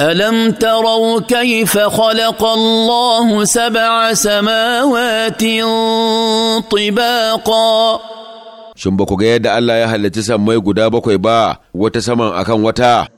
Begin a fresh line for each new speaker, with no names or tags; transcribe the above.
الم تروا كيف خلق الله سبع سماوات طباقا shin ba ku ga yadda
Allah ya halarci sammai guda bakwai ba wata saman akan wata